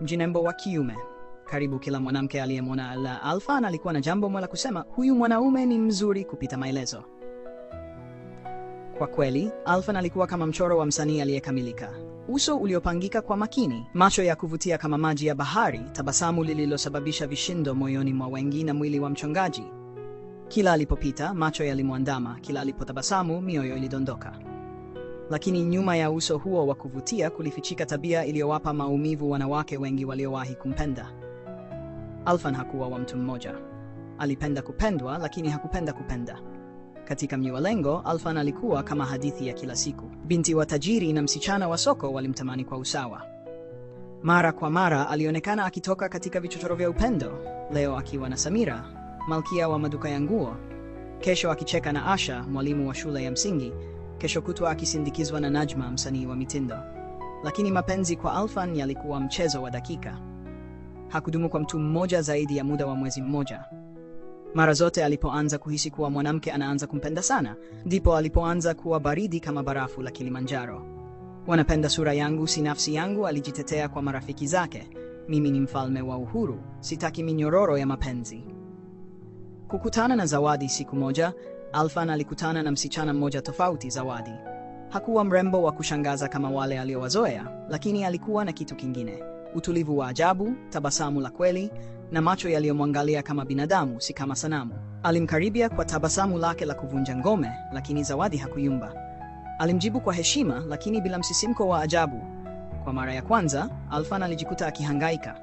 mjinembo wa kiume. Karibu kila mwanamke aliyemwona la Alfan alikuwa na jambo moja la kusema, huyu mwanaume ni mzuri kupita maelezo. Kwa kweli, Alfan alikuwa kama mchoro wa msanii aliyekamilika, uso uliopangika kwa makini, macho ya kuvutia kama maji ya bahari, tabasamu lililosababisha vishindo moyoni mwa wengi, na mwili wa mchongaji. Kila alipopita macho yalimwandama, kila alipotabasamu mioyo ilidondoka lakini nyuma ya uso huo wa kuvutia kulifichika tabia iliyowapa maumivu wanawake wengi waliowahi kumpenda. Alfan hakuwa wa mtu mmoja. Alipenda kupendwa, lakini hakupenda kupenda. Katika Mnyualengo, Alfan alikuwa kama hadithi ya kila siku. Binti wa tajiri na msichana wa soko walimtamani kwa usawa. Mara kwa mara alionekana akitoka katika vichochoro vya upendo, leo akiwa na Samira, malkia wa maduka ya nguo, kesho akicheka na Asha, mwalimu wa shule ya msingi, kesho kutwa akisindikizwa na Najma, msanii wa mitindo. Lakini mapenzi kwa Alfan yalikuwa mchezo wa dakika. Hakudumu kwa mtu mmoja zaidi ya muda wa mwezi mmoja. Mara zote alipoanza kuhisi kuwa mwanamke anaanza kumpenda sana, ndipo alipoanza kuwa baridi kama barafu la Kilimanjaro. Wanapenda sura yangu si nafsi yangu, alijitetea kwa marafiki zake. Mimi ni mfalme wa uhuru, sitaki minyororo ya mapenzi. Kukutana na Zawadi siku moja Alfan alikutana na msichana mmoja tofauti, Zawadi. Hakuwa mrembo wa kushangaza kama wale aliowazoea, lakini alikuwa na kitu kingine: utulivu wa ajabu, tabasamu la kweli na macho yaliyomwangalia kama binadamu, si kama sanamu. Alimkaribia kwa tabasamu lake la kuvunja ngome, lakini Zawadi hakuyumba. Alimjibu kwa heshima, lakini bila msisimko wa ajabu. Kwa mara ya kwanza, Alfan alijikuta akihangaika.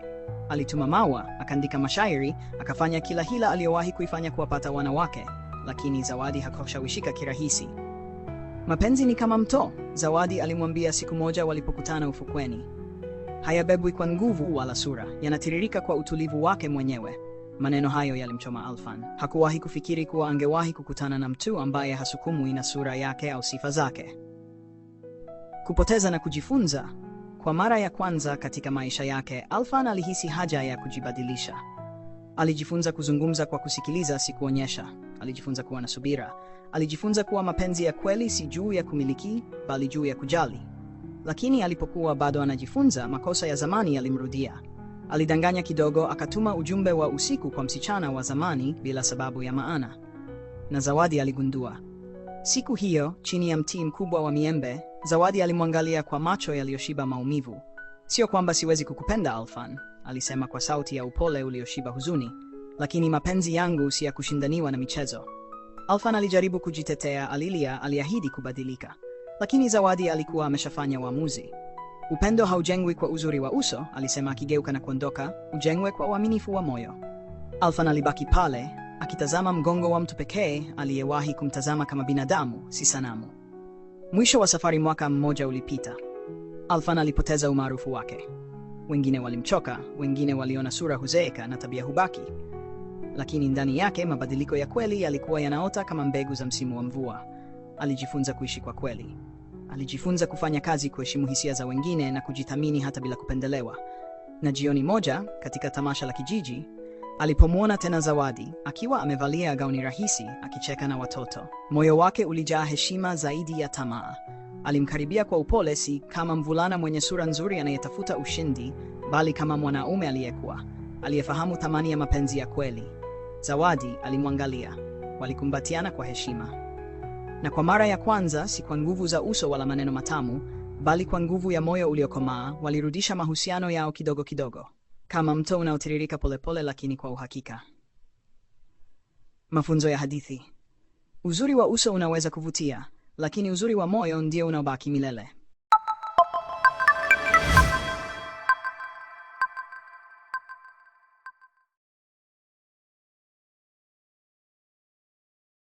Alituma mawa akaandika mashairi, akafanya kila hila aliyowahi kuifanya kuwapata wanawake lakini Zawadi hakushawishika kirahisi. Mapenzi ni kama mto, Zawadi alimwambia siku moja walipokutana ufukweni. Hayabebwi kwa nguvu wala sura, yanatiririka kwa utulivu wake mwenyewe. Maneno hayo yalimchoma Alfan. Hakuwahi kufikiri kuwa angewahi kukutana na mtu ambaye hasukumwi na sura yake au sifa zake. Kupoteza na kujifunza. Kwa mara ya kwanza katika maisha yake, Alfan alihisi haja ya kujibadilisha. Alijifunza kuzungumza kwa kusikiliza, si kuonyesha alijifunza kuwa na subira. Alijifunza kuwa mapenzi ya kweli si juu ya kumiliki, bali juu ya kujali. Lakini alipokuwa bado anajifunza, makosa ya zamani yalimrudia. Alidanganya kidogo, akatuma ujumbe wa usiku kwa msichana wa zamani bila sababu ya maana, na Zawadi aligundua. Siku hiyo, chini ya mti mkubwa wa miembe, Zawadi alimwangalia kwa macho yaliyoshiba maumivu. Sio kwamba siwezi kukupenda Alfan, alisema kwa sauti ya upole ulioshiba huzuni lakini mapenzi yangu si ya kushindaniwa na michezo. Alfan alijaribu kujitetea, alilia, aliahidi kubadilika, lakini Zawadi alikuwa ameshafanya uamuzi. Upendo haujengwi kwa uzuri wa uso, alisema akigeuka na kuondoka, ujengwe kwa uaminifu wa moyo. Alfan alibaki pale akitazama mgongo wa mtu pekee aliyewahi kumtazama kama binadamu, si sanamu. Mwisho wa safari, mwaka mmoja ulipita. Alfan alipoteza umaarufu wake. Wengine walimchoka, wengine waliona sura huzeeka na tabia hubaki lakini ndani yake mabadiliko ya kweli yalikuwa yanaota kama mbegu za msimu wa mvua. Alijifunza kuishi kwa kweli, alijifunza kufanya kazi, kuheshimu hisia za wengine na kujithamini hata bila kupendelewa. Na jioni moja katika tamasha la kijiji alipomwona tena Zawadi akiwa amevalia gauni rahisi akicheka na watoto, moyo wake ulijaa heshima zaidi ya tamaa. Alimkaribia kwa upole, si kama mvulana mwenye sura nzuri anayetafuta ushindi, bali kama mwanaume aliyekuwa aliyefahamu thamani ya mapenzi ya kweli. Zawadi alimwangalia, walikumbatiana kwa heshima, na kwa mara ya kwanza, si kwa nguvu za uso wala maneno matamu, bali kwa nguvu ya moyo uliokomaa, walirudisha mahusiano yao kidogo kidogo, kama mto unaotiririka polepole, lakini kwa uhakika. Mafunzo ya hadithi: uzuri wa uso unaweza kuvutia, lakini uzuri wa moyo ndio unaobaki milele.